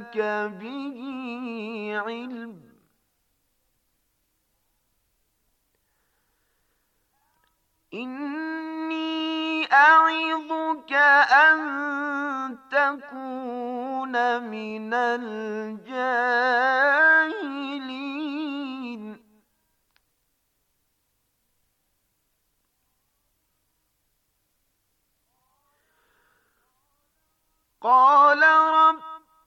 لك به علم إني أعظك أن تكون من الجاهلين قال رب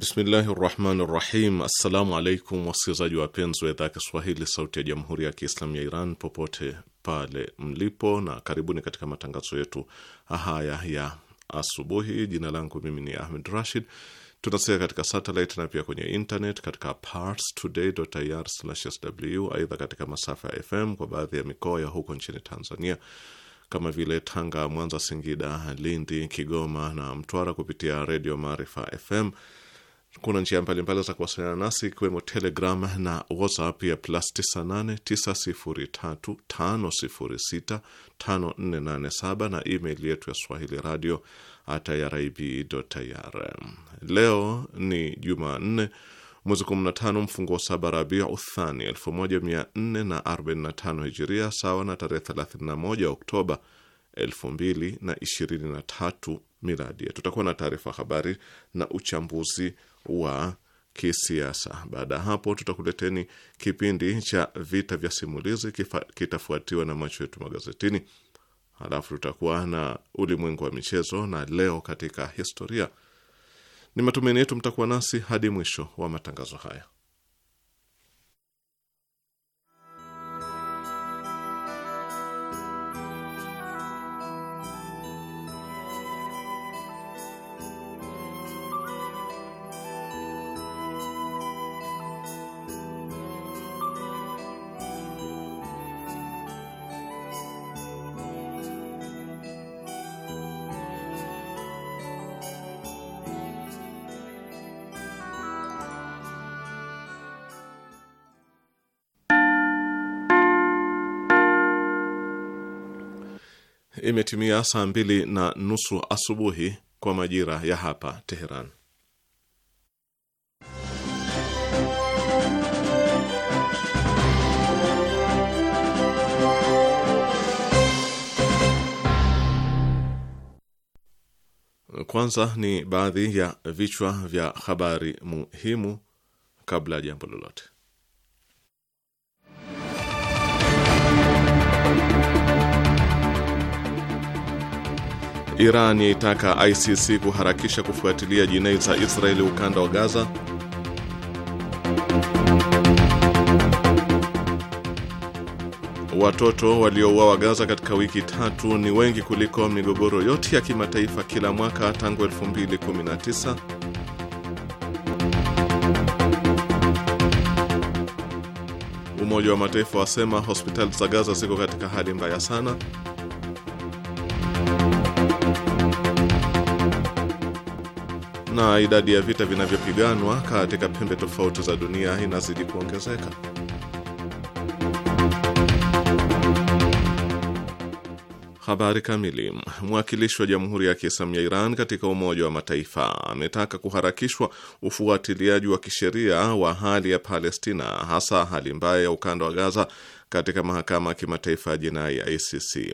Bismillahi rahmani rahim. Assalamu alaikum wasikilizaji wapenzi wa idhaa ya Kiswahili sauti ya jamhuri ya Kiislamu ya Iran popote pale mlipo, na karibuni katika matangazo yetu haya ya asubuhi. Jina langu mimi ni Ahmed Rashid. Tunasikia katika satelit na pia kwenye internet katika parstoday.ir/sw. Aidha, katika masafa ya FM kwa baadhi ya mikoa ya huko nchini Tanzania kama vile Tanga, Mwanza, Singida, Lindi, Kigoma na Mtwara kupitia redio Maarifa FM kuna njia mbalimbali za kuwasiliana nasi ikiwemo Telegram na WhatsApp ya plus 989035065487 na email yetu ya swahili radio at irib.ir. Leo ni Jumanne mwezi 15 mfungo wa saba rabia Uthani 1445 Hijiria, sawa na tarehe 31 Oktoba 2023 miradi. Tutakuwa na taarifa habari na uchambuzi wa kisiasa. Baada ya hapo, tutakuleteni kipindi cha vita vya simulizi, kitafuatiwa na macho yetu magazetini, halafu tutakuwa na ulimwengu wa michezo na leo katika historia. Ni matumaini yetu mtakuwa nasi hadi mwisho wa matangazo haya. imetimia saa mbili na nusu asubuhi kwa majira ya hapa Teheran. Kwanza ni baadhi ya vichwa vya habari muhimu kabla ya jambo lolote. Iran yaitaka ICC kuharakisha kufuatilia jinai za Israeli ukanda wa Gaza. Watoto waliouawa Gaza katika wiki tatu ni wengi kuliko migogoro yote ya kimataifa kila mwaka tangu 2019. Umoja wa Mataifa wasema hospitali za Gaza ziko katika hali mbaya sana. na idadi ya vita vinavyopiganwa katika pembe tofauti za dunia inazidi kuongezeka. Habari kamili. Mwakilishi wa Jamhuri ya Kiislamu ya Iran katika Umoja wa Mataifa ametaka kuharakishwa ufuatiliaji wa kisheria wa hali ya Palestina, hasa hali mbaya ya ukanda wa Gaza katika Mahakama ya Kimataifa ya Jinai ya ICC.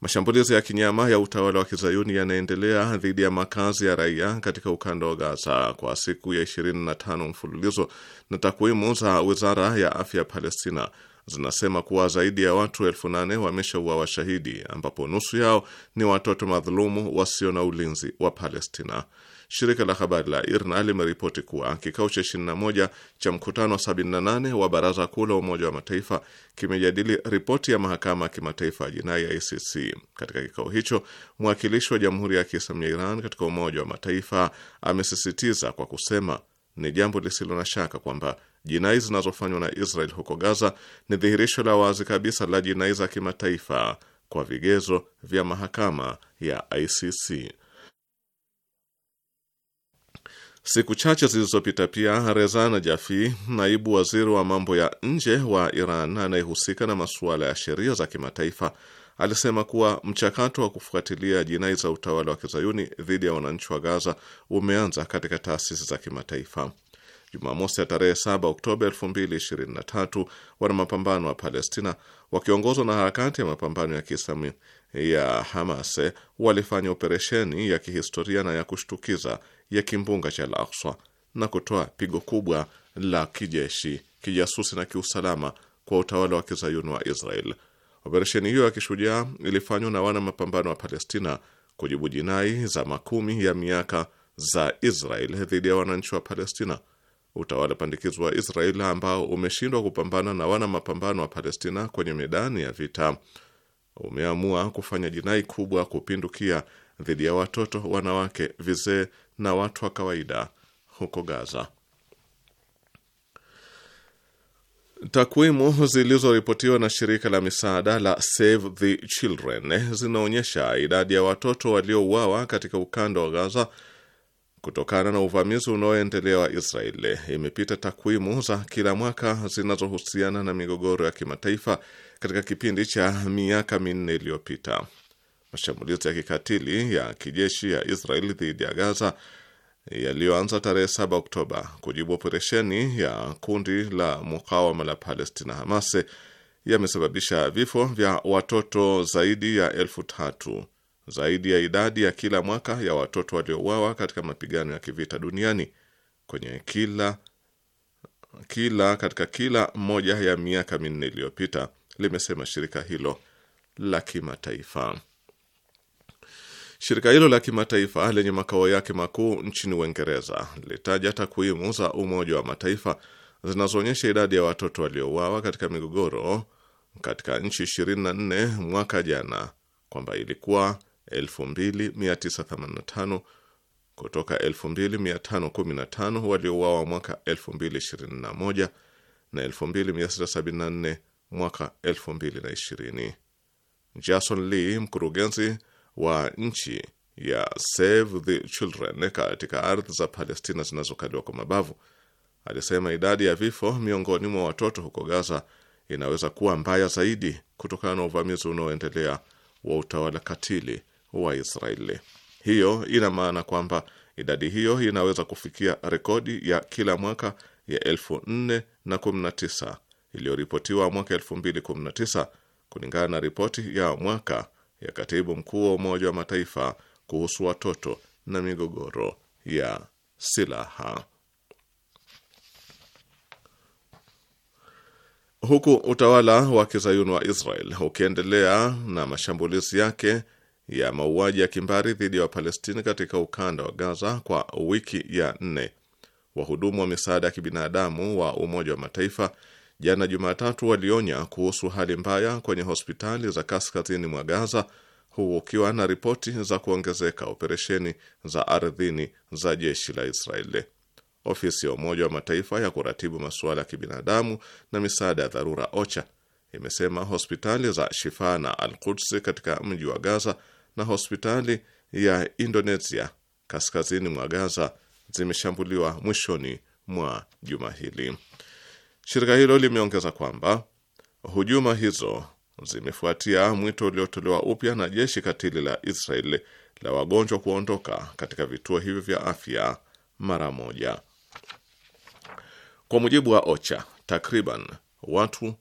Mashambulizi ya kinyama ya utawala wa kizayuni yanaendelea dhidi ya makazi ya raia katika ukanda wa Gaza kwa siku ya 25 mfululizo, na takwimu za wizara ya afya ya Palestina zinasema kuwa zaidi ya watu elfu nane wameshauawa washahidi, ambapo nusu yao ni watoto madhulumu wasio na ulinzi wa Palestina. Shirika la habari la IRNA limeripoti kuwa kikao cha 21 cha mkutano wa 78 wa baraza kuu la Umoja wa Mataifa kimejadili ripoti ya mahakama ya kimataifa ya jinai ya ICC. Katika kikao hicho, mwakilishi wa Jamhuri ya Kiislamu ya Iran katika Umoja wa Mataifa amesisitiza kwa kusema, ni jambo lisilo na shaka kwamba jinai zinazofanywa na Israel huko Gaza ni dhihirisho la wazi kabisa la jinai za kimataifa kwa vigezo vya mahakama ya ICC. Siku chache zilizopita pia, Reza Jafi, naibu waziri wa mambo ya nje wa Iran anayehusika na masuala ya sheria za kimataifa, alisema kuwa mchakato wa kufuatilia jinai za utawala wa kizayuni dhidi ya wananchi wa Gaza umeanza katika taasisi za kimataifa. Jumamosi ya tarehe 7 Oktoba 2023 wana mapambano wa Palestina wakiongozwa na harakati ya mapambano ya Kiislamu ya Hamas walifanya operesheni ya kihistoria na ya kushtukiza ya kimbunga cha Al-Aqsa na kutoa pigo kubwa la kijeshi, kijasusi na kiusalama kwa utawala wa kizayuni wa Israel. Operesheni hiyo ya kishujaa ilifanywa na wana mapambano wa Palestina kujibu jinai za makumi ya miaka za Israel dhidi ya wananchi wa Palestina. Utawala pandikizo wa Israel ambao umeshindwa kupambana na wana mapambano wa Palestina kwenye medani ya vita umeamua kufanya jinai kubwa kupindukia dhidi ya watoto, wanawake, vizee na watu wa kawaida huko Gaza. Takwimu zilizoripotiwa na shirika la misaada la Save the Children zinaonyesha idadi ya watoto waliouawa katika ukanda wa Gaza kutokana na uvamizi unaoendelea wa Israeli imepita takwimu za kila mwaka zinazohusiana na migogoro ya kimataifa katika kipindi cha miaka minne iliyopita. Mashambulizi ya kikatili ya kijeshi ya Israeli dhidi ya Gaza yaliyoanza tarehe 7 Oktoba kujibu operesheni ya kundi la mukawama la Palestina Hamas yamesababisha vifo vya watoto zaidi ya elfu tatu zaidi ya idadi ya kila mwaka ya watoto waliouawa katika mapigano ya kivita duniani kwenye kila kila katika kila moja ya miaka minne iliyopita, limesema shirika hilo la kimataifa. Shirika hilo la kimataifa lenye makao yake makuu nchini Uingereza lilitaja takwimu za Umoja wa Mataifa zinazoonyesha idadi ya watoto waliouawa katika migogoro katika nchi 24 mwaka jana kwamba ilikuwa 2985 kutoka 2515 waliouawa mwaka 2021 na 2674 mwaka 2020. Jason Lee, mkurugenzi wa nchi ya Save the Children eh, katika ardhi za Palestina zinazokaliwa kwa mabavu alisema idadi ya vifo miongoni mwa watoto huko Gaza inaweza kuwa mbaya zaidi kutokana na uvamizi unaoendelea wa utawala katili wa Israeli. Hiyo ina maana kwamba idadi hiyo inaweza kufikia rekodi ya kila mwaka ya elfu iliyoripotiwa mwaka 2019 kulingana na ripoti ya mwaka ya katibu mkuu wa Umoja wa Mataifa kuhusu watoto na migogoro ya silaha. Huku utawala wa kizayuni wa Israel ukiendelea na mashambulizi yake ya mauaji ya kimbari dhidi ya wapalestini katika ukanda wa Gaza kwa wiki ya nne, wahudumu wa misaada ya kibinadamu wa Umoja wa Mataifa jana Jumatatu walionya kuhusu hali mbaya kwenye hospitali za kaskazini mwa Gaza, huu ukiwa na ripoti za kuongezeka operesheni za ardhini za jeshi la Israeli. Ofisi ya Umoja wa Mataifa ya kuratibu masuala ya kibinadamu na misaada ya dharura OCHA imesema hospitali za Shifa na Al Quds katika mji wa Gaza na hospitali ya Indonesia kaskazini mwa Gaza zimeshambuliwa mwishoni mwa juma hili. Shirika hilo limeongeza kwamba hujuma hizo zimefuatia mwito uliotolewa upya na jeshi katili la Israel la wagonjwa kuondoka katika vituo hivyo vya afya mara moja. Kwa mujibu wa OCHA, takriban watu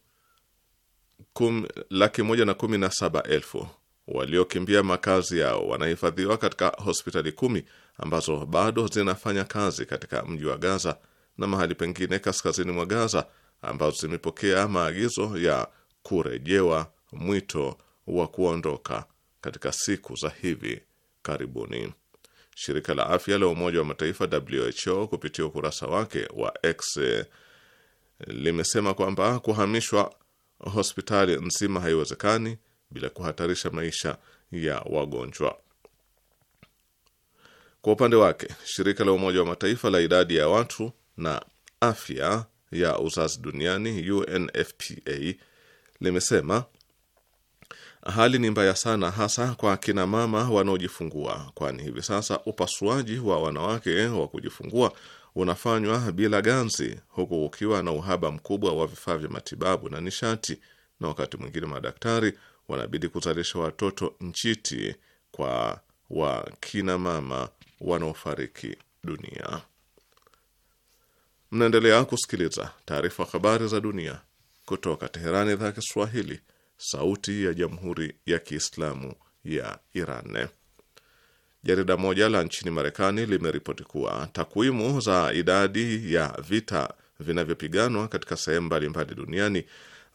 kum, laki moja na kumi na saba elfu waliokimbia makazi yao wanahifadhiwa katika hospitali kumi ambazo bado zinafanya kazi katika mji wa Gaza na mahali pengine kaskazini mwa Gaza ambazo zimepokea maagizo ya kurejewa mwito wa kuondoka katika siku za hivi karibuni. Shirika la afya la Umoja wa Mataifa WHO kupitia ukurasa wake wa X limesema kwamba kuhamishwa hospitali nzima haiwezekani bila kuhatarisha maisha ya wagonjwa. Kwa upande wake, shirika la Umoja wa Mataifa la idadi ya watu na afya ya uzazi duniani UNFPA limesema hali ni mbaya sana, hasa kwa akina mama wanaojifungua, kwani hivi sasa upasuaji wa wanawake wa kujifungua unafanywa bila ganzi, huku ukiwa na uhaba mkubwa wa vifaa vya matibabu na nishati, na wakati mwingine madaktari wanabidi kuzalisha watoto njiti kwa wakina mama wanaofariki dunia. Mnaendelea kusikiliza taarifa habari za dunia kutoka Teherani, idhaa ya Kiswahili, sauti ya jamhuri ya kiislamu ya Iran. Jarida moja la nchini Marekani limeripoti kuwa takwimu za idadi ya vita vinavyopiganwa katika sehemu mbalimbali duniani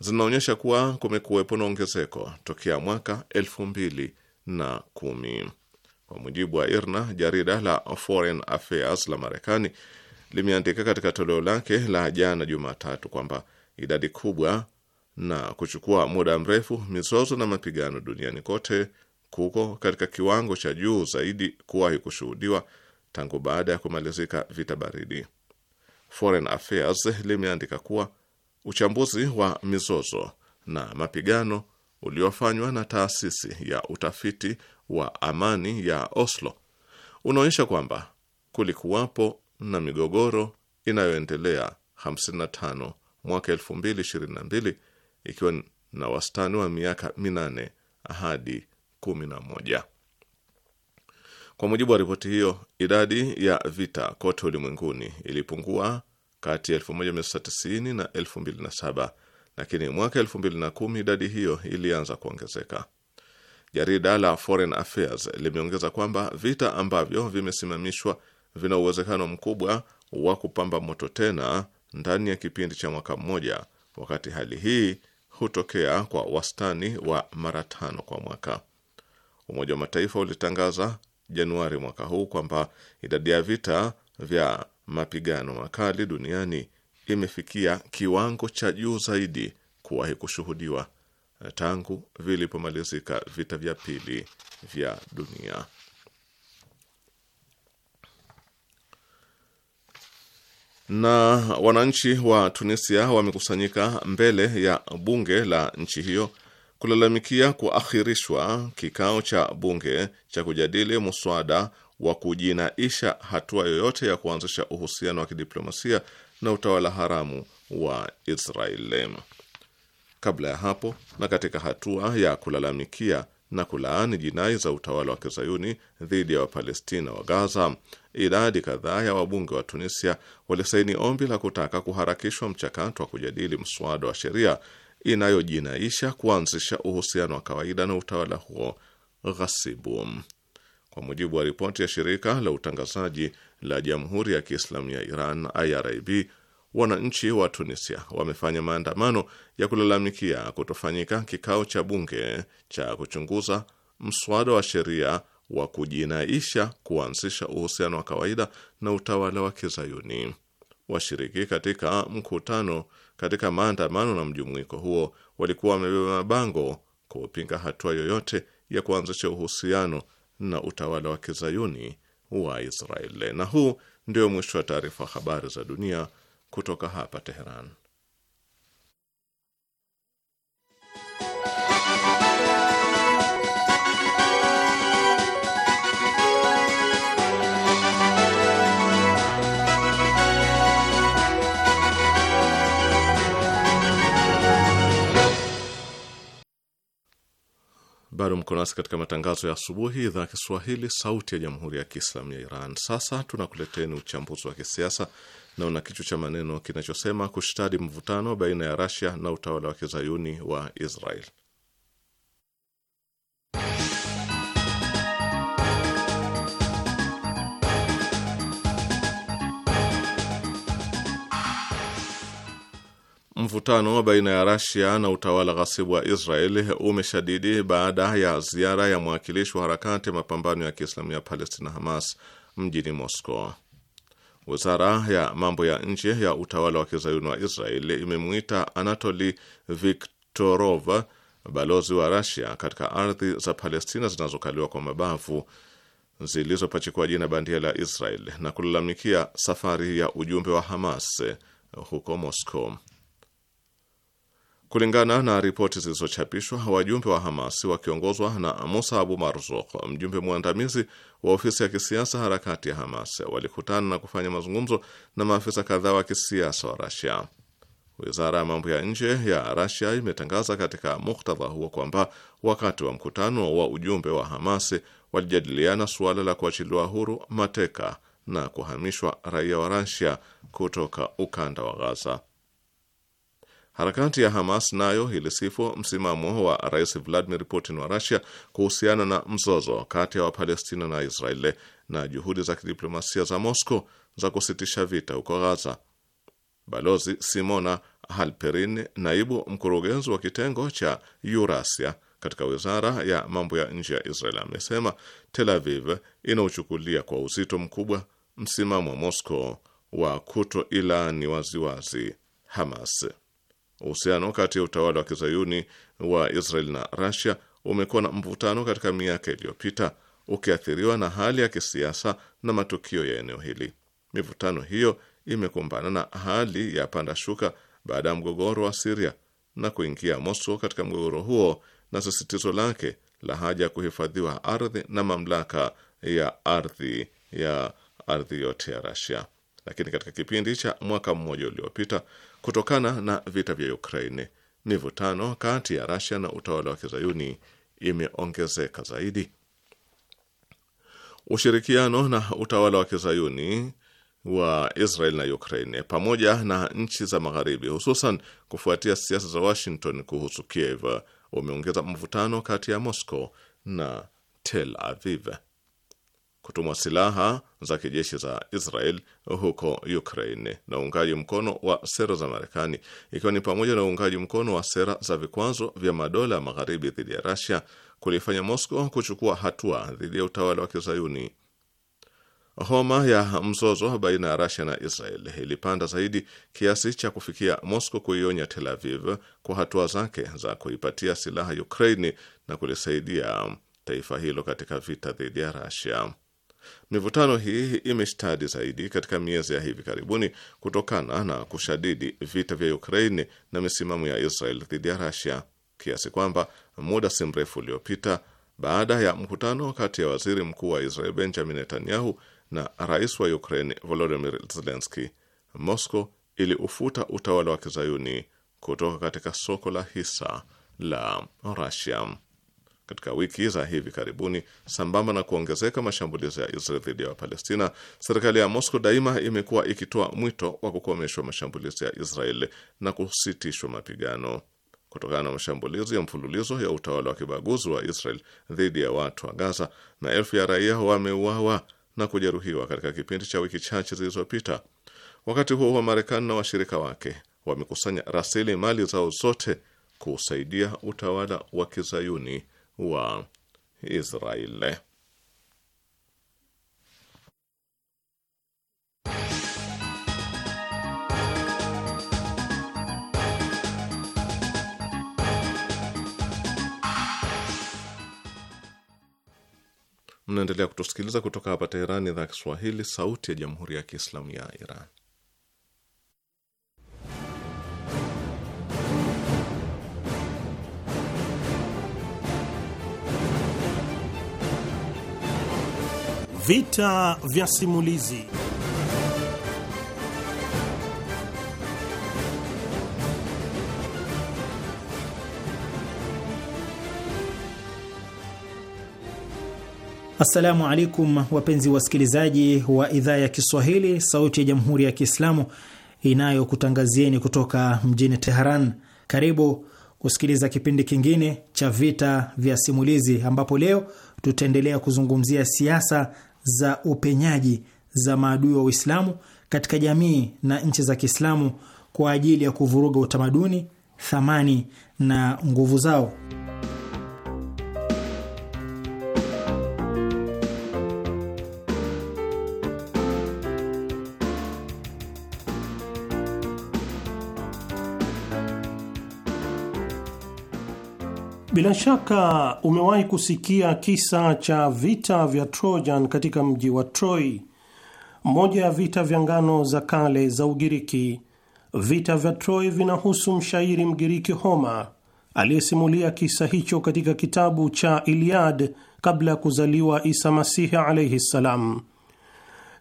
zinaonyesha kuwa kumekuwepo na ongezeko tokea mwaka elfu mbili na kumi. Kwa mujibu wa IRNA, jarida la Foreign Affairs la Marekani limeandika katika toleo lake la jana Jumatatu kwamba idadi kubwa na kuchukua muda mrefu mizozo na mapigano duniani kote kuko katika kiwango cha juu zaidi kuwahi kushuhudiwa tangu baada ya kumalizika vita baridi. Foreign Affairs limeandika kuwa uchambuzi wa mizozo na mapigano uliofanywa na taasisi ya utafiti wa amani ya Oslo unaonyesha kwamba kulikuwapo na migogoro inayoendelea 55 mwaka 2022 ikiwa na wastani wa miaka minane hadi 11. Kwa mujibu wa ripoti hiyo, idadi ya vita kote ulimwenguni ilipungua kati ya 1990 na 2007, lakini mwaka 2010 idadi hiyo ilianza kuongezeka. Jarida la Foreign Affairs limeongeza kwamba vita ambavyo vimesimamishwa vina uwezekano mkubwa wa kupamba moto tena ndani ya kipindi cha mwaka mmoja, wakati hali hii hutokea kwa wastani wa mara tano kwa mwaka. Umoja wa Mataifa ulitangaza Januari mwaka huu kwamba idadi ya vita vya mapigano makali duniani imefikia kiwango cha juu zaidi kuwahi kushuhudiwa tangu vilipomalizika vita vya pili vya dunia. na wananchi wa Tunisia wamekusanyika mbele ya bunge la nchi hiyo kulalamikia kuakhirishwa kikao cha bunge cha kujadili muswada wa kujinaisha hatua yoyote ya kuanzisha uhusiano wa kidiplomasia na utawala haramu wa Israeli. Kabla ya hapo, na katika hatua ya kulalamikia na kulaani jinai za utawala wa kizayuni dhidi ya Wapalestina wa Gaza, idadi kadhaa ya wabunge wa Tunisia walisaini ombi la kutaka kuharakishwa mchakato wa kujadili mswada wa sheria inayojinaisha kuanzisha uhusiano wa kawaida na utawala huo ghasibu. Kwa mujibu wa ripoti ya shirika la utangazaji la Jamhuri ya Kiislamu ya Iran, IRIB, wananchi wa Tunisia wamefanya maandamano ya kulalamikia kutofanyika kikao cha bunge cha kuchunguza mswada wa sheria wa kujinaisha kuanzisha uhusiano wa kawaida na utawala wa Kizayuni. Washiriki katika mkutano katika maandamano na mjumuiko huo walikuwa wamebeba mabango kupinga hatua yoyote ya kuanzisha uhusiano na utawala wa Kizayuni wa Israeli. Na huu ndio mwisho wa taarifa habari za dunia kutoka hapa Teheran. Bado mko nasi katika matangazo ya asubuhi, idhaa ya Kiswahili, sauti ya jamhuri ya kiislamu ya Iran. Sasa tunakuleteni uchambuzi wa kisiasa na una kichwa cha maneno kinachosema kushtadi mvutano baina ya Rasia na utawala wa kizayuni wa Israel. Mvutano baina ya Rasia na utawala ghasibu wa Israeli umeshadidi baada ya ziara ya mwakilishi wa harakati ya mapambano ya Kiislamu ya Palestina, Hamas, mjini Moscow. Wizara ya mambo ya nje ya utawala wa kizayuni wa Israeli imemwita Anatoli Viktorov, balozi wa Rasia katika ardhi za Palestina zinazokaliwa kwa mabavu zilizopachikwa jina bandia la Israel na kulalamikia safari ya ujumbe wa Hamas huko Moscow. Kulingana na ripoti zilizochapishwa, wajumbe wa hamas wakiongozwa na Musa Abu Marzuk, mjumbe mwandamizi wa ofisi ya kisiasa harakati ya Hamas, walikutana na kufanya mazungumzo na maafisa kadhaa wa kisiasa wa Rasia. Wizara ya mambo ya nje ya Rasia imetangaza katika muktadha huo kwamba wakati wa mkutano wa ujumbe wa Hamas walijadiliana suala la kuachiliwa huru mateka na kuhamishwa raia wa Rasia kutoka ukanda wa Ghaza. Harakati ya Hamas nayo ilisifu msimamo wa Rais Vladimir Putin wa rusia kuhusiana na mzozo kati ya Wapalestina na Israeli na juhudi za kidiplomasia za Moscow za kusitisha vita huko Gaza. Balozi Simona Halperin, naibu mkurugenzi wa kitengo cha Eurasia katika wizara ya mambo ya nje ya Israel, amesema Tel Aviv inauchukulia kwa uzito mkubwa msimamo wa Moscow wa kuto ilani waziwazi Hamas. Uhusiano kati ya utawala wa kizayuni wa Israel na rasia umekuwa na mvutano katika miaka iliyopita, ukiathiriwa na hali ya kisiasa na matukio ya eneo hili. Mivutano hiyo imekumbana na hali ya panda shuka baada ya mgogoro wa Siria na kuingia Moscow katika mgogoro huo na sisitizo lake la haja ya kuhifadhiwa ardhi na mamlaka ya ardhi ya ardhi yote ya rasia Lakini katika kipindi cha mwaka mmoja uliopita kutokana na vita vya Ukraine, mivutano kati ya Rasia na utawala wa kizayuni imeongezeka zaidi. Ushirikiano na utawala wa kizayuni wa Israel na Ukraine pamoja na nchi za Magharibi, hususan kufuatia siasa za Washington kuhusu Kiev, umeongeza mvutano kati ya Moscow na Tel Aviv kutumwa silaha za kijeshi za Israel huko Ukraine na uungaji mkono wa sera za Marekani, ikiwa ni pamoja na uungaji mkono wa sera za vikwazo vya madola magharibi dhidi ya rasia kulifanya Moscow kuchukua hatua dhidi ya utawala wa Kizayuni. Homa ya mzozo baina ya rusia na Israel ilipanda zaidi kiasi cha kufikia Moscow kuionya Tel Aviv kwa hatua zake za kuipatia silaha ukrain na kulisaidia taifa hilo katika vita dhidi ya rusia Mivutano hii imeshtadi zaidi katika miezi ya hivi karibuni kutokana na kushadidi vita vya Ukraini na misimamo ya Israel dhidi ya Rasia, kiasi kwamba muda si mrefu uliopita, baada ya mkutano kati ya waziri mkuu wa Israel Benjamin Netanyahu na rais wa Ukraini Volodimir Zelenski, Moscow iliufuta utawala wa kizayuni kutoka katika soko la hisa la Rasia. Katika wiki za hivi karibuni, sambamba na kuongezeka mashambulizi ya Israel dhidi ya Wapalestina, serikali ya Moscow daima imekuwa ikitoa mwito wa kukomeshwa mashambulizi ya Israel na kusitishwa mapigano. Kutokana na mashambulizi ya mfululizo ya utawala wa kibaguzi wa Israel dhidi ya watu wa Gaza, maelfu ya raia wameuawa na kujeruhiwa katika kipindi cha wiki chache zilizopita. Wakati huo wa Marekani na washirika wake wamekusanya rasilimali zao zote kuusaidia utawala wa kizayuni wa Israeli. Mnaendelea kutusikiliza kutoka hapa Teherani, idhaa Kiswahili, sauti ya jamhuri ya kiislamu ya Iran. Vita vya simulizi. Assalamu alaikum, wapenzi wasikilizaji wa idhaa ya Kiswahili, sauti ya jamhuri ya Kiislamu inayokutangazieni kutoka mjini Teheran. Karibu kusikiliza kipindi kingine cha Vita vya Simulizi, ambapo leo tutaendelea kuzungumzia siasa za upenyaji za maadui wa Uislamu katika jamii na nchi za Kiislamu kwa ajili ya kuvuruga utamaduni, thamani na nguvu zao. Bila shaka umewahi kusikia kisa cha vita vya Trojan katika mji wa Troy, moja ya vita vya ngano za kale za Ugiriki. Vita vya Troy vinahusu mshairi Mgiriki Homer aliyesimulia kisa hicho katika kitabu cha Iliad kabla ya kuzaliwa Isa Masihi alaihi ssalam.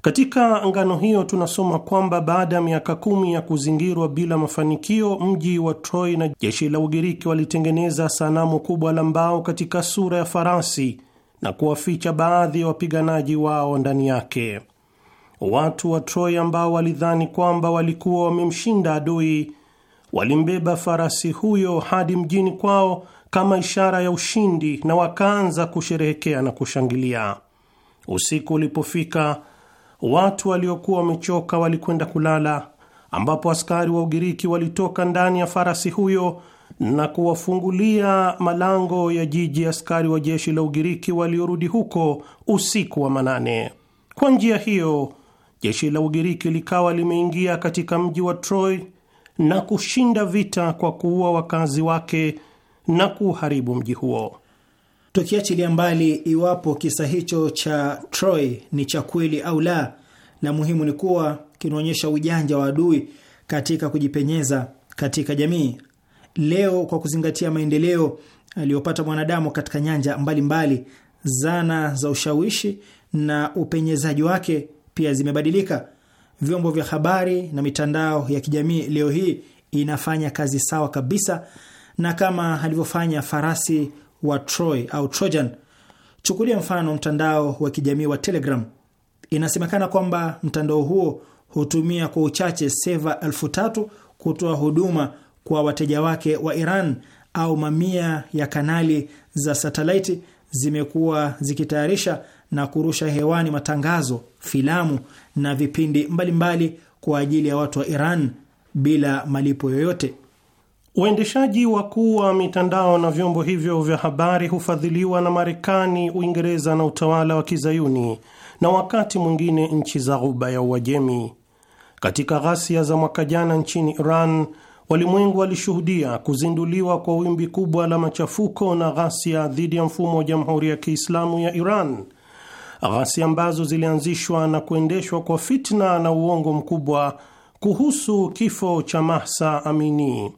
Katika ngano hiyo tunasoma kwamba baada ya miaka kumi ya kuzingirwa bila mafanikio, mji wa Troy na jeshi la Ugiriki walitengeneza sanamu kubwa la mbao katika sura ya farasi na kuwaficha baadhi ya wapiganaji wao ndani yake. Watu wa Troy ambao walidhani kwamba walikuwa wamemshinda adui walimbeba farasi huyo hadi mjini kwao kama ishara ya ushindi, na wakaanza kusherehekea na kushangilia. Usiku ulipofika Watu waliokuwa wamechoka walikwenda kulala, ambapo askari wa Ugiriki walitoka ndani ya farasi huyo na kuwafungulia malango ya jiji askari wa jeshi la Ugiriki waliorudi huko usiku wa manane. Kwa njia hiyo, jeshi la Ugiriki likawa limeingia katika mji wa Troy na kushinda vita kwa kuua wakazi wake na kuuharibu mji huo. Tukiachilia mbali iwapo kisa hicho cha Troy ni cha kweli au la, la muhimu ni kuwa kinaonyesha ujanja wa adui katika kujipenyeza katika jamii. Leo, kwa kuzingatia maendeleo aliyopata mwanadamu katika nyanja mbalimbali mbali, zana za ushawishi na upenyezaji wake pia zimebadilika. Vyombo vya habari na mitandao ya kijamii leo hii inafanya kazi sawa kabisa na kama alivyofanya farasi wa Troy au Trojan. Chukulia mfano mtandao wa kijamii wa Telegram. Inasemekana kwamba mtandao huo hutumia kwa uchache seva elfu tatu kutoa huduma kwa wateja wake wa Iran, au mamia ya kanali za satelaiti zimekuwa zikitayarisha na kurusha hewani matangazo, filamu na vipindi mbalimbali mbali kwa ajili ya watu wa Iran bila malipo yoyote. Waendeshaji wakuu wa mitandao na vyombo hivyo vya habari hufadhiliwa na Marekani, Uingereza na utawala wa Kizayuni na wakati mwingine nchi za Ghuba ya Uajemi. Katika ghasia za mwaka jana nchini Iran, walimwengu walishuhudia kuzinduliwa kwa wimbi kubwa la machafuko na ghasia dhidi ya mfumo wa Jamhuri ya Kiislamu ya Iran, ghasia ambazo zilianzishwa na kuendeshwa kwa fitna na uongo mkubwa kuhusu kifo cha Mahsa Amini,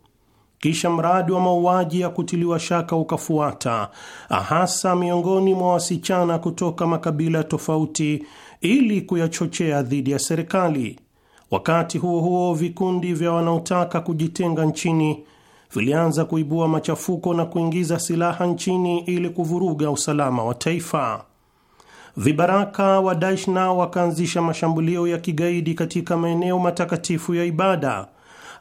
kisha mradi wa mauaji ya kutiliwa shaka ukafuata, hasa miongoni mwa wasichana kutoka makabila tofauti, ili kuyachochea dhidi ya serikali. Wakati huo huo, vikundi vya wanaotaka kujitenga nchini vilianza kuibua machafuko na kuingiza silaha nchini ili kuvuruga usalama wa taifa. Vibaraka wa Daesh nao wakaanzisha mashambulio ya kigaidi katika maeneo matakatifu ya ibada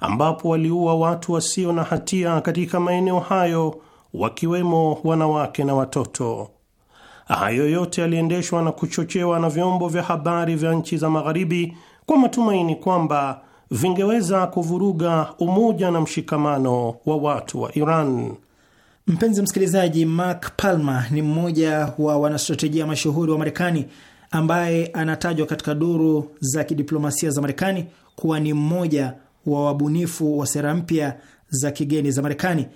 ambapo waliua watu wasio na hatia katika maeneo hayo wakiwemo wanawake na watoto. Hayo yote yaliendeshwa na kuchochewa na vyombo vya habari vya nchi za Magharibi kwa matumaini kwamba vingeweza kuvuruga umoja na mshikamano wa watu wa Iran. Mpenzi msikilizaji, Mark Palmer ni mmoja wa wanastratejia mashuhuri wa Marekani ambaye anatajwa katika duru za kidiplomasia za Marekani kuwa ni mmoja wa wabunifu wa sera mpya za kigeni za Marekani.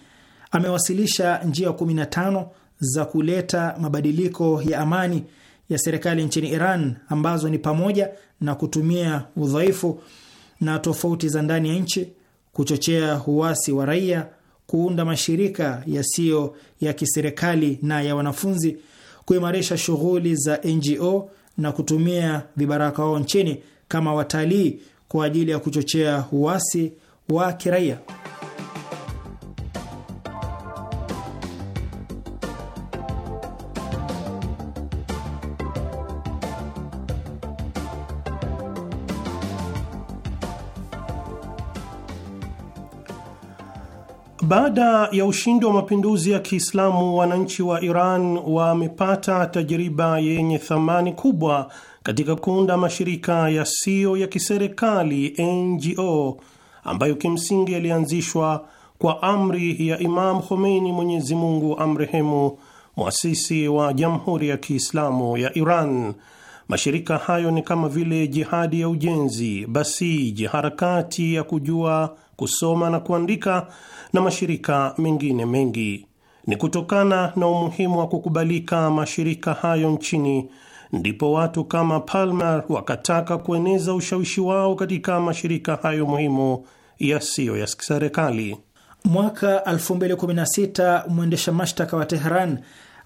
Amewasilisha njia 15 za kuleta mabadiliko ya amani ya serikali nchini Iran ambazo ni pamoja na kutumia udhaifu na tofauti za ndani ya nchi, kuchochea uasi wa raia, kuunda mashirika yasiyo ya kiserikali na ya wanafunzi, kuimarisha shughuli za NGO na kutumia vibaraka wao nchini kama watalii kwa ajili ya kuchochea uasi wa kiraia. Baada ya ushindi wa mapinduzi ya Kiislamu, wananchi wa Iran wamepata tajriba yenye thamani kubwa katika kuunda mashirika yasiyo ya, kiserikali NGO ambayo kimsingi yalianzishwa kwa amri ya Imam Khomeini, Mwenyezi Mungu amrehemu, mwasisi wa Jamhuri ya Kiislamu ya Iran. Mashirika hayo ni kama vile Jihadi ya Ujenzi, Basiji, Harakati ya Kujua Kusoma na Kuandika na mashirika mengine mengi. Ni kutokana na umuhimu wa kukubalika mashirika hayo nchini ndipo watu kama Palmer wakataka kueneza ushawishi wao katika mashirika hayo muhimu yasiyo ya serikali. Mwaka 2016 mwendesha mashtaka wa Teheran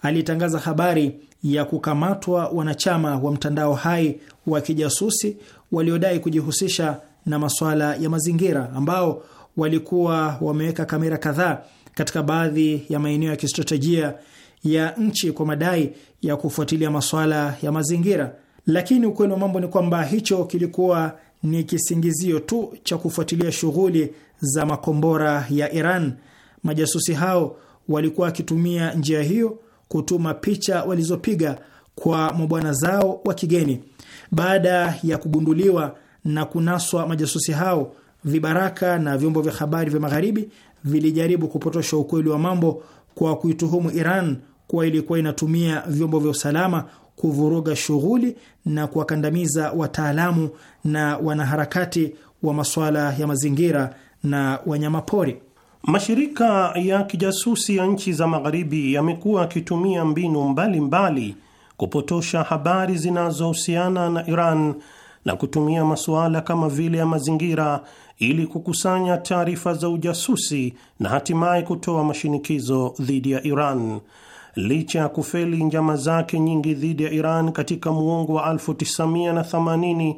alitangaza habari ya kukamatwa wanachama wa mtandao hai wa kijasusi waliodai kujihusisha na masuala ya mazingira ambao walikuwa wameweka kamera kadhaa katika baadhi ya maeneo ya kistratejia ya nchi kwa madai ya kufuatilia masuala ya mazingira, lakini ukweli wa mambo ni kwamba hicho kilikuwa ni kisingizio tu cha kufuatilia shughuli za makombora ya Iran. Majasusi hao walikuwa wakitumia njia hiyo kutuma picha walizopiga kwa mabwana zao wa kigeni. Baada ya kugunduliwa na kunaswa majasusi hao, vibaraka na vyombo vya habari vya Magharibi vilijaribu kupotosha ukweli wa mambo kwa kuituhumu Iran kuwa ilikuwa inatumia vyombo vya usalama kuvuruga shughuli na kuwakandamiza wataalamu na wanaharakati wa masuala ya mazingira na wanyamapori. Mashirika ya kijasusi ya nchi za Magharibi yamekuwa yakitumia mbinu mbalimbali mbali kupotosha habari zinazohusiana na Iran na kutumia masuala kama vile ya mazingira ili kukusanya taarifa za ujasusi na hatimaye kutoa mashinikizo dhidi ya Iran licha ya kufeli njama zake nyingi dhidi ya Iran katika muongo wa 1980,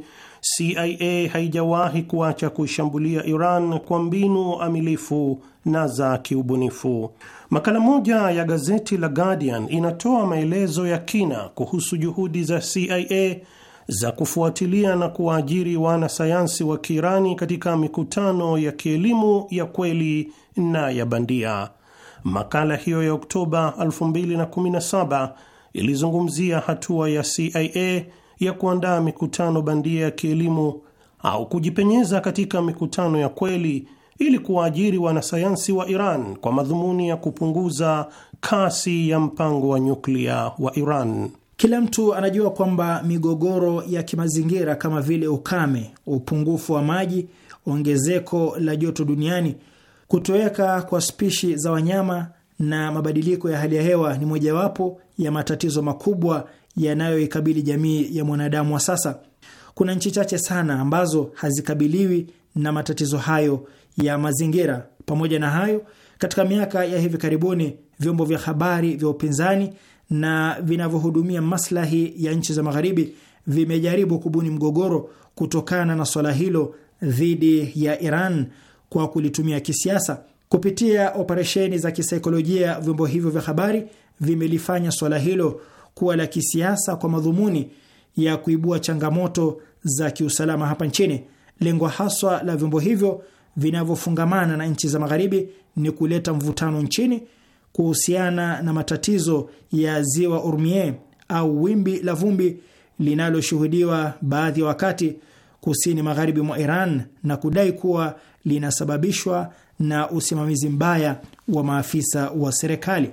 CIA haijawahi kuacha kuishambulia Iran kwa mbinu amilifu na za kiubunifu. Makala moja ya gazeti la Guardian inatoa maelezo ya kina kuhusu juhudi za CIA za kufuatilia na kuwaajiri wanasayansi wa Kiirani katika mikutano ya kielimu ya kweli na ya bandia. Makala hiyo ya Oktoba 2017 ilizungumzia hatua ya CIA ya kuandaa mikutano bandia ya kielimu au kujipenyeza katika mikutano ya kweli ili kuwaajiri wanasayansi wa Iran kwa madhumuni ya kupunguza kasi ya mpango wa nyuklia wa Iran. Kila mtu anajua kwamba migogoro ya kimazingira kama vile ukame, upungufu wa maji, ongezeko la joto duniani Kutoweka kwa spishi za wanyama na mabadiliko ya hali ya hewa ni mojawapo ya matatizo makubwa yanayoikabili jamii ya mwanadamu wa sasa. Kuna nchi chache sana ambazo hazikabiliwi na matatizo hayo ya mazingira. Pamoja na hayo, katika miaka ya hivi karibuni, vyombo vya habari vya upinzani na vinavyohudumia maslahi ya nchi za Magharibi vimejaribu kubuni mgogoro kutokana na swala hilo dhidi ya Iran kwa kulitumia kisiasa. Kupitia operesheni za kisaikolojia, vyombo hivyo vya habari vimelifanya swala hilo kuwa la kisiasa kwa madhumuni ya kuibua changamoto za kiusalama hapa nchini. Lengo haswa la vyombo hivyo vinavyofungamana na nchi za magharibi ni kuleta mvutano nchini kuhusiana na matatizo ya ziwa Urmie au wimbi la vumbi linaloshuhudiwa baadhi ya wakati kusini magharibi mwa Iran na kudai kuwa linasababishwa na usimamizi mbaya wa maafisa wa serikali.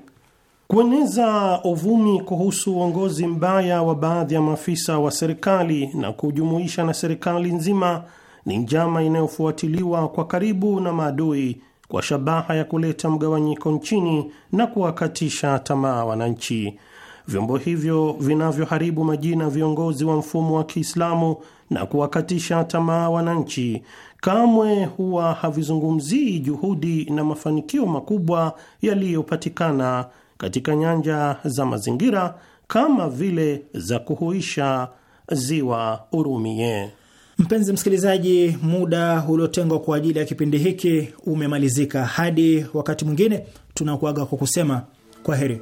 Kueneza uvumi kuhusu uongozi mbaya wa baadhi ya maafisa wa serikali na kujumuisha na serikali nzima ni njama inayofuatiliwa kwa karibu na maadui kwa shabaha ya kuleta mgawanyiko nchini na kuwakatisha tamaa wananchi. Vyombo hivyo vinavyoharibu majina viongozi wa mfumo wa Kiislamu na kuwakatisha tamaa wananchi kamwe huwa havizungumzii juhudi na mafanikio makubwa yaliyopatikana katika nyanja za mazingira kama vile za kuhuisha ziwa Urumiye. Mpenzi msikilizaji, muda uliotengwa kwa ajili ya kipindi hiki umemalizika. Hadi wakati mwingine, tunakuaga kwa kusema kwa heri.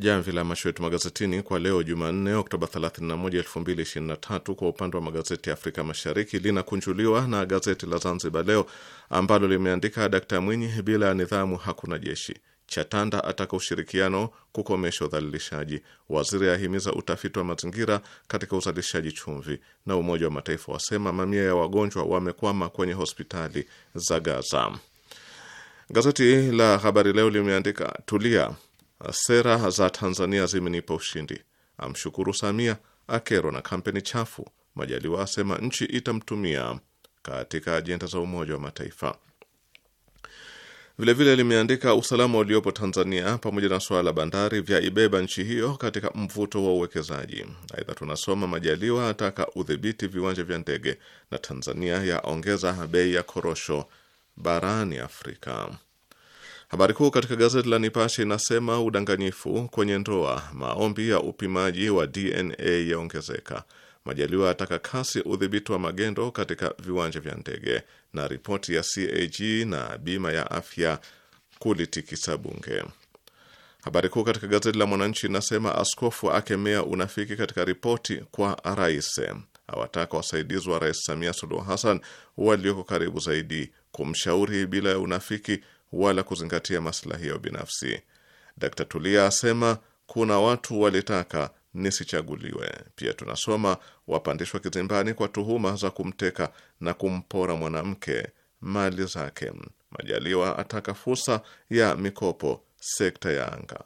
jamvi la macho yetu magazetini kwa leo Jumanne, Oktoba 31, 2023. Kwa upande wa magazeti ya Afrika Mashariki, linakunjuliwa na gazeti la Zanzibar Leo ambalo limeandika Dkt Mwinyi, bila ya nidhamu hakuna jeshi. Chatanda ataka ushirikiano kukomesha udhalilishaji. Waziri ahimiza utafiti wa mazingira katika uzalishaji chumvi. Na Umoja wa Mataifa wasema mamia ya wagonjwa wamekwama kwenye hospitali za Gaza. Gazeti la Habari Leo limeandika tulia sera za Tanzania zimenipa ushindi. Amshukuru Samia, akerwa na kampeni chafu. Majaliwa asema nchi itamtumia katika ajenda za Umoja wa Mataifa. Vilevile limeandika usalama uliopo Tanzania pamoja na suala la bandari ibeba nchi hiyo katika mvuto wa uwekezaji. Aidha tunasoma Majaliwa ataka udhibiti viwanja vya ndege na Tanzania yaongeza bei ya korosho barani Afrika. Habari kuu katika gazeti la Nipashe inasema udanganyifu kwenye ndoa, maombi ya upimaji wa DNA yaongezeka. Majaliwa ataka kasi udhibiti wa magendo katika viwanja vya ndege, na ripoti ya CAG na bima ya afya kulitikisa bunge. Habari kuu katika gazeti la Mwananchi inasema askofu akemea unafiki katika ripoti kwa rais, awataka wasaidizi wa rais Samia Suluhu Hassan walioko karibu zaidi kumshauri bila ya unafiki wala kuzingatia maslahi yao binafsi. Dkt Tulia asema kuna watu walitaka nisichaguliwe. Pia tunasoma wapandishwa kizimbani kwa tuhuma za kumteka na kumpora mwanamke mali zake. Majaliwa ataka fursa ya mikopo sekta ya anga.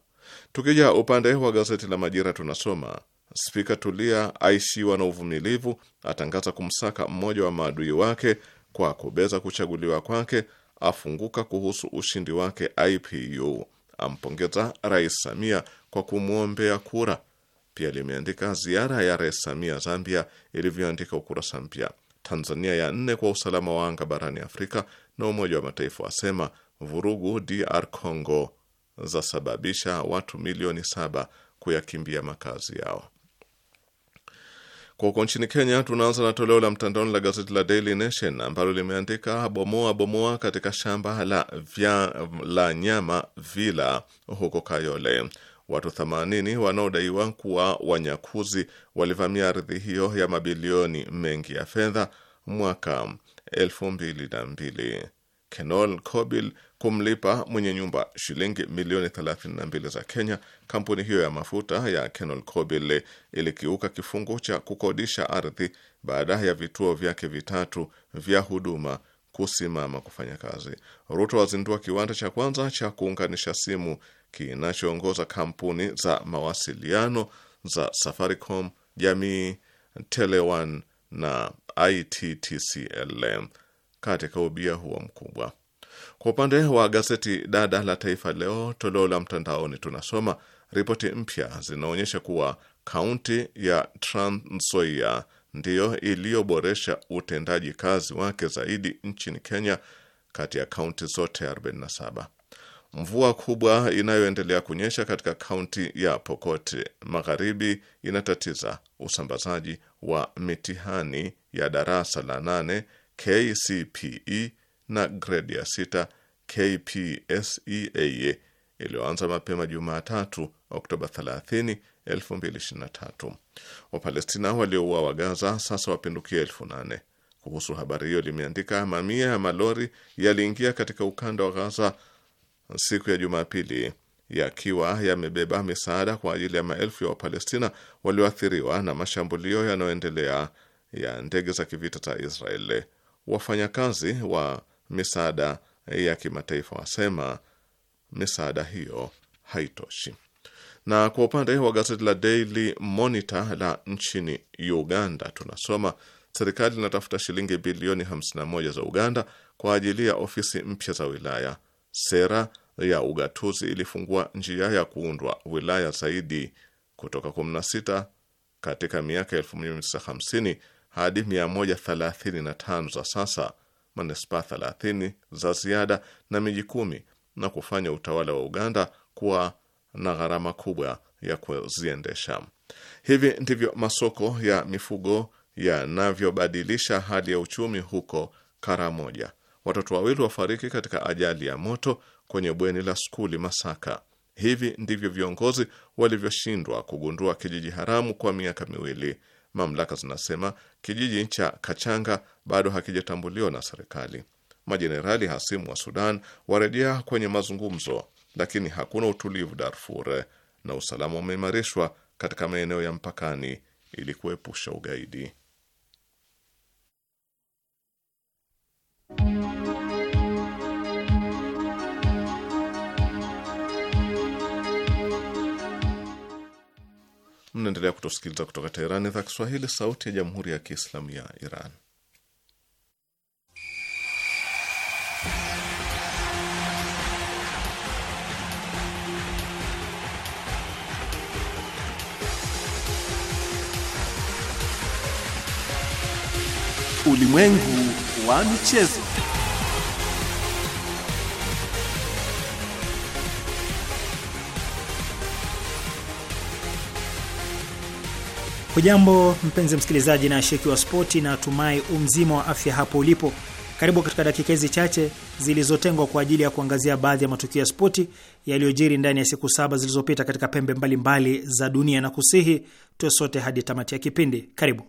Tukija upande wa gazeti la Majira tunasoma Spika Tulia aishiwa na uvumilivu, atangaza kumsaka mmoja wa maadui wake kwa kubeza kuchaguliwa kwake afunguka kuhusu ushindi wake IPU, ampongeza Rais Samia kwa kumwombea kura. Pia limeandika ziara ya Rais Samia Zambia ilivyoandika ukurasa mpya. Tanzania ya nne kwa usalama wa anga barani Afrika, na Umoja wa Mataifa wasema vurugu DR Congo zasababisha watu milioni saba kuyakimbia makazi yao. Kwa huko nchini Kenya, tunaanza na toleo la mtandaoni la gazeti la Daily Nation ambalo limeandika bomoa bomoa katika shamba la, vya, la nyama vila huko Kayole. Watu 80 wanaodaiwa kuwa wanyakuzi walivamia ardhi hiyo ya mabilioni mengi ya fedha mwaka mbili Kenol Kobil kumlipa mwenye nyumba shilingi milioni 32 za Kenya. Kampuni hiyo ya mafuta ya Kenol Kobil ilikiuka kifungu cha kukodisha ardhi baada ya vituo vyake vitatu vya huduma kusimama kufanya kazi. Ruto azindua kiwanda cha kwanza cha kuunganisha simu kinachoongoza kampuni za mawasiliano za Safaricom, Jamii, Tele 1 na ITTCL katika ubia huo mkubwa. Kwa upande wa gazeti dada la Taifa Leo toleo la mtandaoni, tunasoma ripoti mpya zinaonyesha kuwa kaunti ya Trans Nzoia ndiyo iliyoboresha utendaji kazi wake zaidi nchini Kenya kati ya kaunti zote 47. Mvua kubwa inayoendelea kunyesha katika kaunti ya Pokot Magharibi inatatiza usambazaji wa mitihani ya darasa la nane KCPE na gredi ya sita KPSEA e, iliyoanza mapema Jumatatu Oktoba 30, 2023. Wapalestina waliouawa Gaza sasa wapindukia elfu nane. Kuhusu habari hiyo limeandika, mamia ya malori yaliingia katika ukanda wa Gaza siku ya Jumapili yakiwa yamebeba misaada kwa ajili ya maelfu ya Wapalestina walioathiriwa na mashambulio yanayoendelea ya ndege za kivita za Israeli wafanyakazi wa misaada ya kimataifa wasema misaada hiyo haitoshi. Na kwa upande wa gazeti la Daily Monitor la nchini Uganda tunasoma serikali inatafuta shilingi bilioni 51 za Uganda kwa ajili ya ofisi mpya za wilaya. Sera ya ugatuzi ilifungua njia ya kuundwa wilaya zaidi kutoka 16 katika miaka 1950 hadi 135 za sasa, manispaa 30 za ziada na miji kumi, na kufanya utawala wa Uganda kuwa na gharama kubwa ya kuziendesha. Hivi ndivyo masoko ya mifugo yanavyobadilisha hali ya uchumi huko Karamoja. Watoto wawili wafariki katika ajali ya moto kwenye bweni la skuli Masaka. Hivi ndivyo viongozi walivyoshindwa kugundua kijiji haramu kwa miaka miwili. Mamlaka zinasema kijiji cha Kachanga bado hakijatambuliwa na serikali. Majenerali hasimu wa Sudan warejea kwenye mazungumzo, lakini hakuna utulivu Darfur na usalama umeimarishwa katika maeneo ya mpakani ili kuepusha ugaidi. Mnaendelea kutusikiliza kutoka Teherani, idhaa Kiswahili, sauti ya jamhuri ya kiislamu ya Iran. Ulimwengu wa michezo. Hujambo mpenzi msikilizaji na sheki wa spoti, na tumai umzima wa afya hapo ulipo. Karibu katika dakika hizi chache zilizotengwa kwa ajili ya kuangazia baadhi ya matukio ya spoti yaliyojiri ndani ya siku saba zilizopita katika pembe mbalimbali mbali za dunia, na kusihi tuwe sote hadi tamati ya kipindi. Karibu.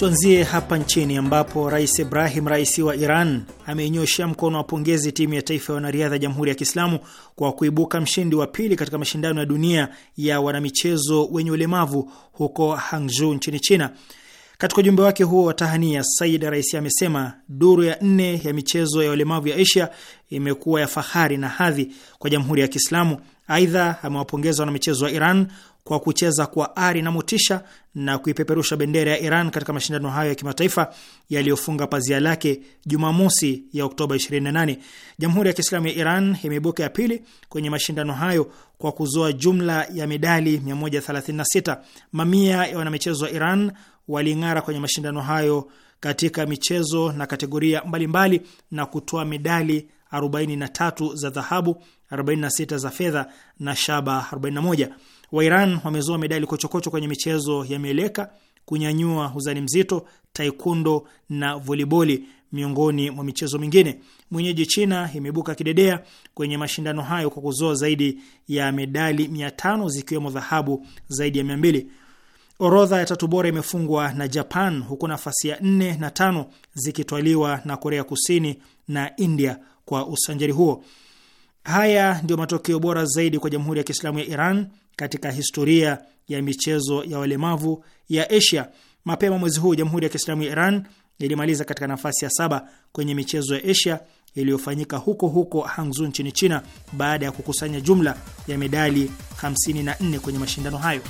Tuanzie hapa nchini ambapo Rais Ibrahim Raisi wa Iran ameinyoshea mkono wa pongezi timu ya taifa ya wanariadha ya Jamhuri ya Kiislamu kwa kuibuka mshindi wa pili katika mashindano ya dunia ya wanamichezo wenye ulemavu huko Hangzhou nchini China. Katika ujumbe wake huo wa tahania, Said Raisi amesema duru ya nne ya michezo ya ulemavu ya Asia imekuwa ya fahari na hadhi kwa Jamhuri ya Kiislamu. Aidha, amewapongeza wanamichezo wa Iran kwa kucheza kwa ari na motisha na kuipeperusha bendera ya Iran katika mashindano hayo ya kimataifa yaliyofunga pazia lake Jumamosi ya Oktoba 28. Jamhuri ya Kiislamu ya Iran imeibuka ya pili kwenye mashindano hayo kwa kuzoa jumla ya medali 136. Mamia ya wanamichezo wa Iran waling'ara kwenye mashindano hayo katika michezo na kategoria mbalimbali mbali, na kutoa medali 43 za dhahabu, 46 za fedha na shaba 41 wa Iran wamezoa medali kochokocho kwenye michezo ya mieleka, kunyanyua uzani mzito, taekwondo na voliboli, miongoni mwa michezo mingine. Mwenyeji China imebuka kidedea kwenye mashindano hayo kwa kuzoa zaidi ya medali tano zikiwemo dhahabu zaidi ya 200. Orodha ya tatu bora imefungwa na Japan huku nafasi ya nne na tano zikitwaliwa na Korea Kusini na India kwa usanjari huo. Haya ndiyo matokeo bora zaidi kwa Jamhuri ya Kiislamu ya Iran katika historia ya michezo ya walemavu ya Asia. Mapema mwezi huu Jamhuri ya Kiislamu ya Iran ilimaliza katika nafasi ya saba kwenye michezo ya Asia iliyofanyika huko huko Hangzhou nchini China baada ya kukusanya jumla ya medali 54 kwenye mashindano hayo.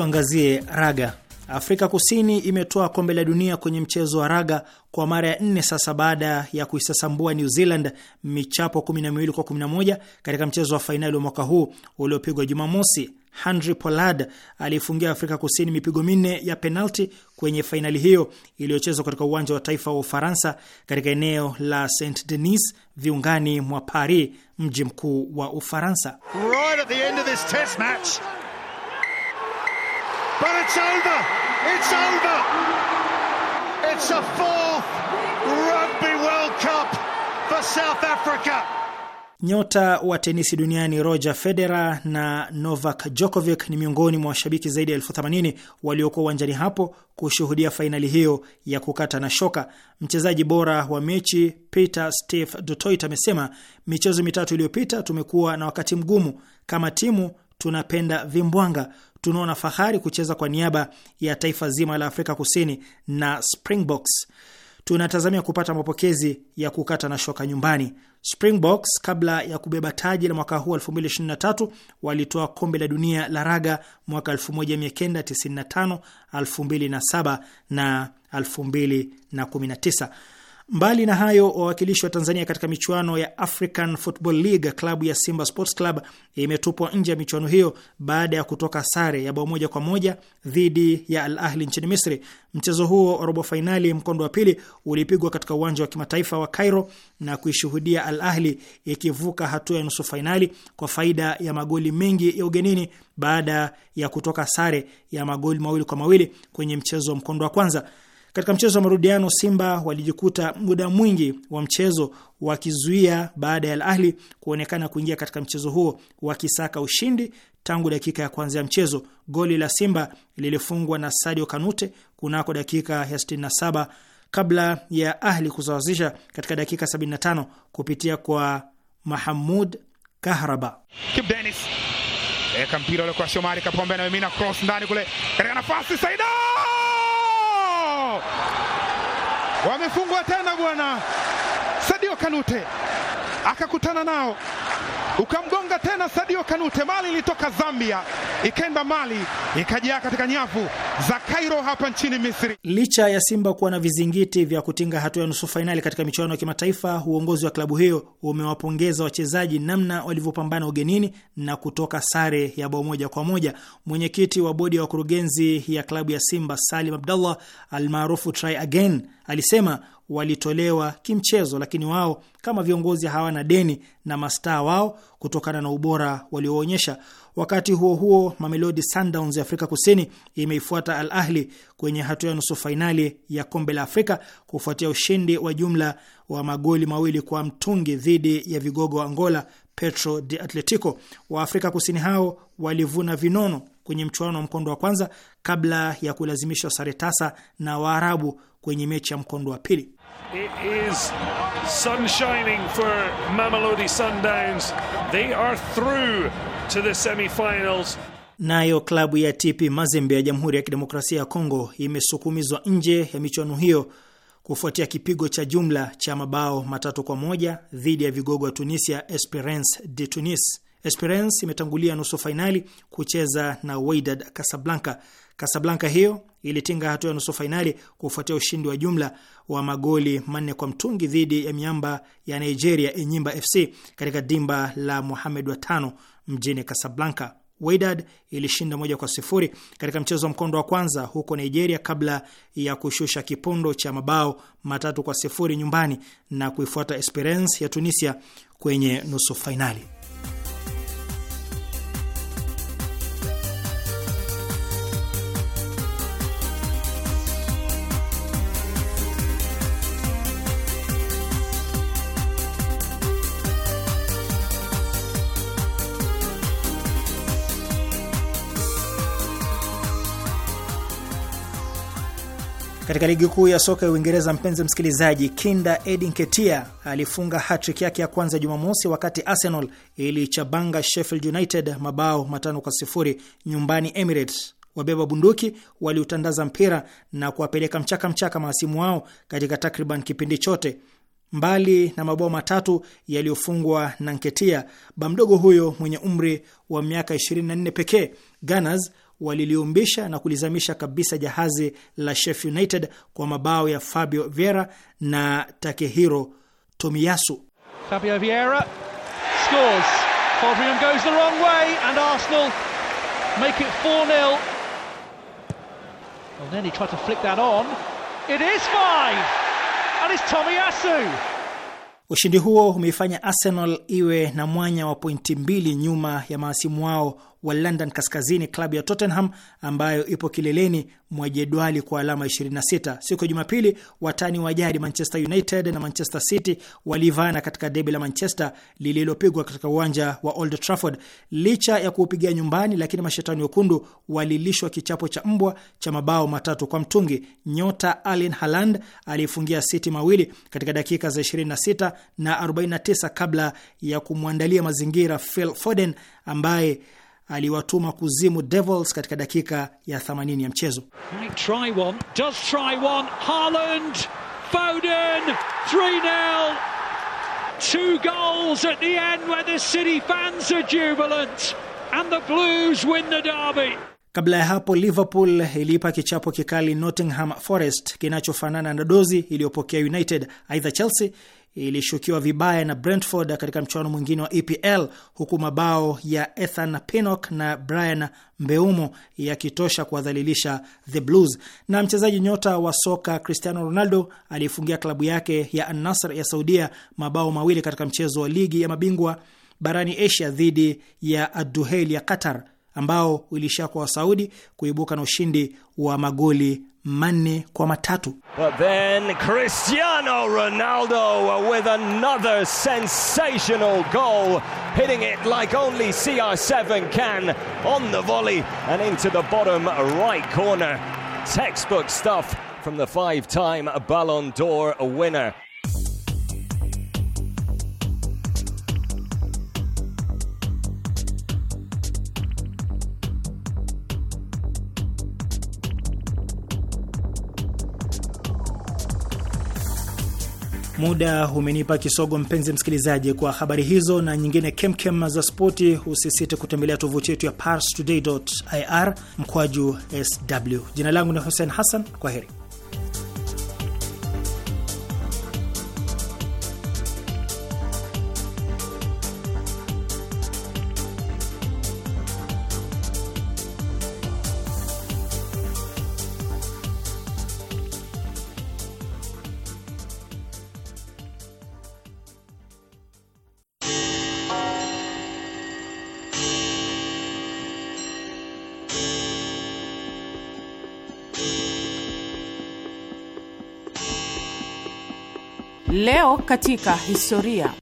tuangazie raga. Afrika Kusini imetoa kombe la dunia kwenye mchezo wa raga kwa mara ya nne sasa baada ya kuisasambua New Zealand michapo 12 kwa 11 katika mchezo wa fainali wa mwaka huu uliopigwa Jumamosi. Henry Pollard aliifungia Afrika Kusini mipigo minne ya penalti kwenye fainali hiyo iliyochezwa katika uwanja wa taifa wa Ufaransa katika eneo la Saint Denis viungani mwa Paris, mji mkuu wa Ufaransa. Right But it's over. It's over. It's a fourth Rugby World Cup for South Africa. Nyota wa tenisi duniani Roger Federer na Novak Djokovic ni miongoni mwa washabiki zaidi ya elfu themanini waliokuwa uwanjani hapo kushuhudia fainali hiyo ya kukata na shoka. Mchezaji bora wa mechi Peter Steve Dotoit amesema michezo mitatu iliyopita tumekuwa na wakati mgumu kama timu tunapenda vimbwanga, tunaona fahari kucheza kwa niaba ya taifa zima la Afrika Kusini na Springboks. Tunatazamia kupata mapokezi ya kukata na shoka nyumbani. Springboks kabla ya kubeba taji la mwaka huu 2023 walitoa kombe la dunia la raga mwaka 1995, 2007 na 2019. Mbali na hayo, wawakilishi wa Tanzania katika michuano ya African Football League, klabu ya Simba Sports Club imetupwa nje ya michuano hiyo baada ya kutoka sare ya bao moja kwa moja dhidi ya Al Ahli nchini Misri. Mchezo huo wa robo fainali mkondo wa pili ulipigwa katika uwanja wa kimataifa wa Cairo na kuishuhudia Al Ahli ikivuka hatua ya nusu fainali kwa faida ya magoli mengi ya ugenini baada ya kutoka sare ya magoli mawili kwa mawili kwenye mchezo wa mkondo wa kwanza. Katika mchezo wa marudiano, Simba walijikuta muda mwingi wa mchezo wakizuia baada ya Al Ahli kuonekana kuingia katika mchezo huo wakisaka ushindi tangu dakika ya kwanza ya mchezo. Goli la Simba lilifungwa na Sadio Kanute kunako dakika ya 67 kabla ya Ahli kusawazisha katika dakika 75 kupitia kwa Mahamud Kahraba. Mpira ule kwa Shomari kapambana, mimina cross ndani kule katika nafasi Saida Wamefungwa tena bwana. Sadio Kanute akakutana nao ukamgonga tena Sadio Kanute. Mali ilitoka Zambia ikaenda Mali ikajaa katika nyavu za Kairo hapa nchini Misri. Licha ya Simba kuwa na vizingiti vya kutinga hatua ya nusu fainali katika michuano ya kimataifa, uongozi wa klabu hiyo umewapongeza wachezaji namna walivyopambana ugenini na kutoka sare ya bao moja kwa moja. Mwenyekiti wa bodi ya wakurugenzi ya klabu ya Simba Salim Abdallah almaarufu Try Again alisema walitolewa kimchezo, lakini wao kama viongozi hawana deni na mastaa wao kutokana na ubora walioonyesha. Wakati huo huo, Mamelodi Sundowns ya Afrika Kusini imeifuata Al Ahli kwenye hatua ya nusu fainali ya kombe la Afrika kufuatia ushindi wa jumla wa magoli mawili kwa mtungi dhidi ya vigogo wa Angola Petro de Atletico. Wa Afrika Kusini hao walivuna vinono kwenye mchuano wa mkondo wa kwanza kabla ya kulazimishwa sare tasa na Waarabu kwenye mechi ya mkondo wa pili. Nayo klabu ya TP Mazembe ya Jamhuri ya Kidemokrasia ya Kongo imesukumizwa nje ya michuano hiyo kufuatia kipigo cha jumla cha mabao matatu kwa moja dhidi ya vigogo wa Tunisia, Esperance de Tunis. Esperance imetangulia nusu fainali kucheza na Wydad Casablanca Kasablanka hiyo ilitinga hatua ya nusu fainali kufuatia ushindi wa jumla wa magoli manne kwa mtungi dhidi ya miamba ya Nigeria Enyimba FC katika dimba la Mohamed wa tano mjini Kasablanka. Wydad ilishinda moja kwa sifuri katika mchezo wa mkondo wa kwanza huko Nigeria kabla ya kushusha kipundo cha mabao matatu kwa sifuri nyumbani na kuifuata Esperance ya Tunisia kwenye nusu fainali. Katika ligi kuu ya soka ya Uingereza, mpenzi msikilizaji, kinda Edi Nketia alifunga hatrik yake ya kwanza Jumamosi wakati Arsenal ilichabanga Sheffield United mabao matano kwa sifuri nyumbani Emirates. Wabeba bunduki waliutandaza mpira na kuwapeleka mchaka mchaka mahasimu wao katika takriban kipindi chote. Mbali na mabao matatu yaliyofungwa na Nketia, bamdogo huyo mwenye umri wa miaka 24 pekee, Gunners waliliumbisha na kulizamisha kabisa jahazi la Sheffield United kwa mabao ya Fabio Vieira na Takehiro Tomiyasu. Fabio Vieira scores. goes the wrong way and Arsenal make it 4-0. Well, then he tried to flick that on. It is five. And it's Tomiyasu. Ushindi huo umeifanya Arsenal iwe na mwanya wa pointi mbili nyuma ya mahasimu wao wa London Kaskazini, klabu ya Tottenham ambayo ipo kileleni mwa jedwali kwa alama 26. Siku ya Jumapili, watani wa jadi Manchester United na Manchester City walivana katika debi la Manchester lililopigwa katika uwanja wa Old Trafford. Licha ya kuupigia nyumbani, lakini mashetani wekundu walilishwa kichapo cha mbwa cha mabao matatu kwa mtungi. Nyota Erling Haaland aliifungia City mawili katika dakika za 26 na 49 kabla ya kumwandalia mazingira Phil Foden ambaye aliwatuma kuzimu Devils katika dakika ya 80 ya mchezo. Kabla ya hapo Liverpool iliipa kichapo kikali Nottingham Forest kinachofanana na dozi iliyopokea United. Aidha, Chelsea ilishukiwa vibaya na Brentford katika mchuano mwingine wa EPL huku mabao ya Ethan Pinnock na Brian Mbeumo yakitosha kuwadhalilisha the Blues. Na mchezaji nyota wa soka Cristiano Ronaldo aliifungia klabu yake ya anasar ya Saudia mabao mawili katika mchezo wa ligi ya mabingwa barani Asia dhidi ya aduhel ya Qatar ambao uliishia kwa Wasaudi kuibuka na ushindi wa magoli manne kwa matatu. But then Cristiano Ronaldo uh, with another sensational goal hitting it like only CR7 can on the volley and into the bottom right corner. Textbook stuff from the five-time Ballon d'Or winner. Muda umenipa kisogo, mpenzi msikilizaji. Kwa habari hizo na nyingine kemkem za spoti, usisite kutembelea tovuti yetu ya parstoday.ir mkwaju sw. Jina langu ni Hussein Hassan, kwa heri. Leo katika historia.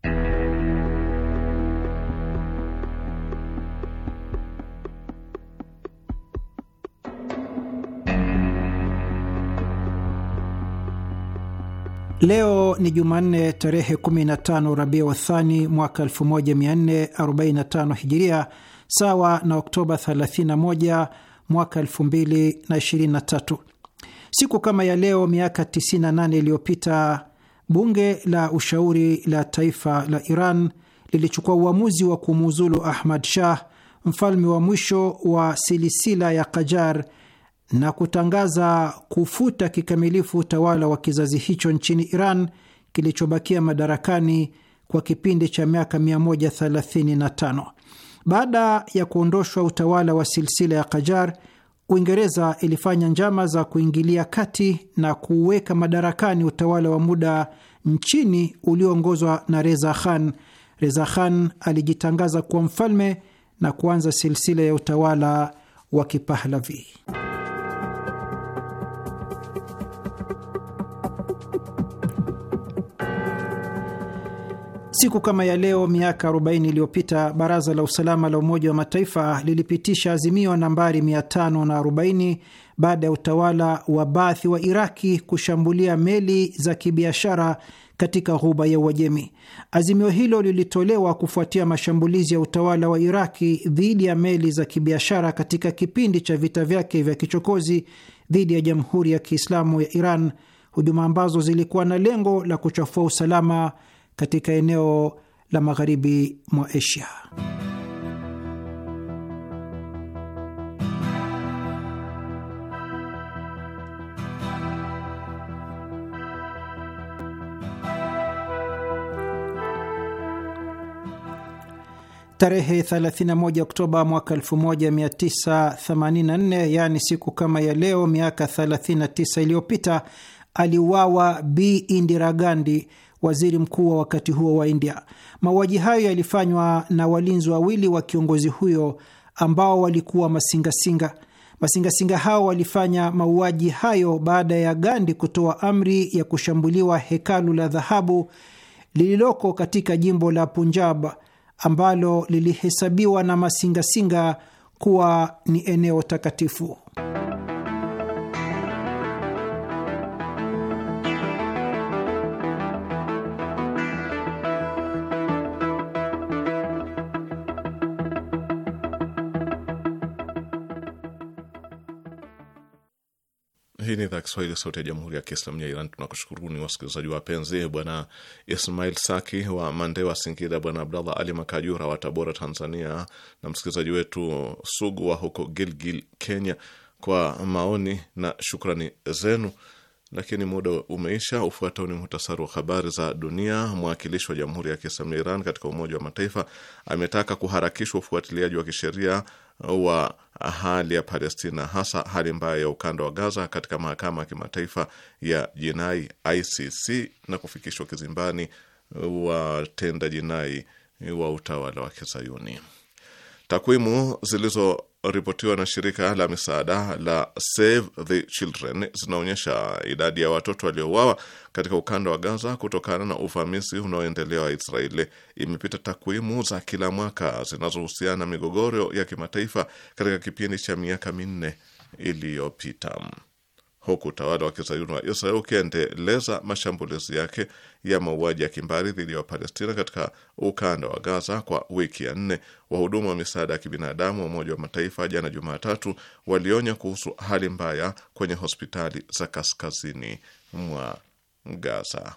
Leo ni Jumanne tarehe 15 Rabia Wathani mwaka 1445 Hijiria, sawa na Oktoba 31 mwaka 2023. Siku kama ya leo miaka 98 iliyopita Bunge la Ushauri la Taifa la Iran lilichukua uamuzi wa kumuuzulu Ahmad Shah, mfalme wa mwisho wa silisila ya Kajar, na kutangaza kufuta kikamilifu utawala wa kizazi hicho nchini Iran kilichobakia madarakani kwa kipindi cha miaka 135. Baada ya kuondoshwa utawala wa silsila ya Kajar, Uingereza ilifanya njama za kuingilia kati na kuweka madarakani utawala wa muda nchini ulioongozwa na Reza Khan. Reza Khan alijitangaza kuwa mfalme na kuanza silsila ya utawala wa Kipahlavi. Siku kama ya leo miaka 40 iliyopita baraza la usalama la Umoja wa Mataifa lilipitisha azimio nambari 540 baada ya utawala wa Baathi wa Iraki kushambulia meli za kibiashara katika ghuba ya Uajemi. Azimio hilo lilitolewa kufuatia mashambulizi ya utawala wa Iraki dhidi ya meli za kibiashara katika kipindi cha vita vyake vya kichokozi dhidi ya Jamhuri ya Kiislamu ya Iran, hujuma ambazo zilikuwa na lengo la kuchafua usalama katika eneo la magharibi mwa Asia. Tarehe 31 Oktoba mwaka 1984, yaani siku kama ya leo miaka 39 iliyopita, aliuawa Bi Indira Gandhi, waziri mkuu wa wakati huo wa India. Mauaji hayo yalifanywa na walinzi wawili wa kiongozi huyo ambao walikuwa masingasinga. Masingasinga hao walifanya mauaji hayo baada ya Gandhi kutoa amri ya kushambuliwa hekalu la dhahabu lililoko katika jimbo la Punjab ambalo lilihesabiwa na masingasinga kuwa ni eneo takatifu. Kiswahili, sauti ya jamhuri ya kiislamu ya Iran. Tunakushukuruni wasikilizaji wapenzi, bwana Ismail Saki wa Mandewa, Singida, bwana Abdallah Ali Makajura wa Tabora, Tanzania, na msikilizaji wetu Sugu wa huko Gilgil, Kenya, kwa maoni na shukrani zenu. Lakini muda umeisha. Ufuatao ni muhtasari wa habari za dunia. Mwakilishi wa jamhuri ya kiislamu ya Iran katika Umoja wa Mataifa ametaka kuharakishwa ufuatiliaji wa kisheria wa hali ya Palestina, hasa hali mbaya ya ukanda wa Gaza katika mahakama ya kimataifa ya jinai ICC na kufikishwa kizimbani watenda jinai wa utawala wa Kisayuni. Takwimu zilizoripotiwa na shirika la misaada la Save the Children zinaonyesha idadi ya watoto waliouawa katika ukanda wa Gaza kutokana na uvamizi unaoendelea wa Israeli imepita takwimu za kila mwaka zinazohusiana na migogoro ya kimataifa katika kipindi cha miaka minne iliyopita huku utawala wa kizayuni wa Israel ukiendeleza mashambulizi yake ya mauaji ya kimbari dhidi ya Wapalestina katika ukanda wa Gaza kwa wiki ya nne, wahudumu wa misaada ya kibinadamu wa Umoja wa Mataifa jana Jumatatu walionya kuhusu hali mbaya kwenye hospitali za kaskazini mwa Gaza.